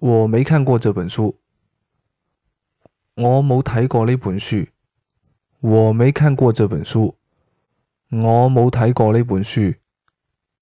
我沒看過這本書，我冇睇過呢本書，我沒看過這本書，我冇睇過呢本書。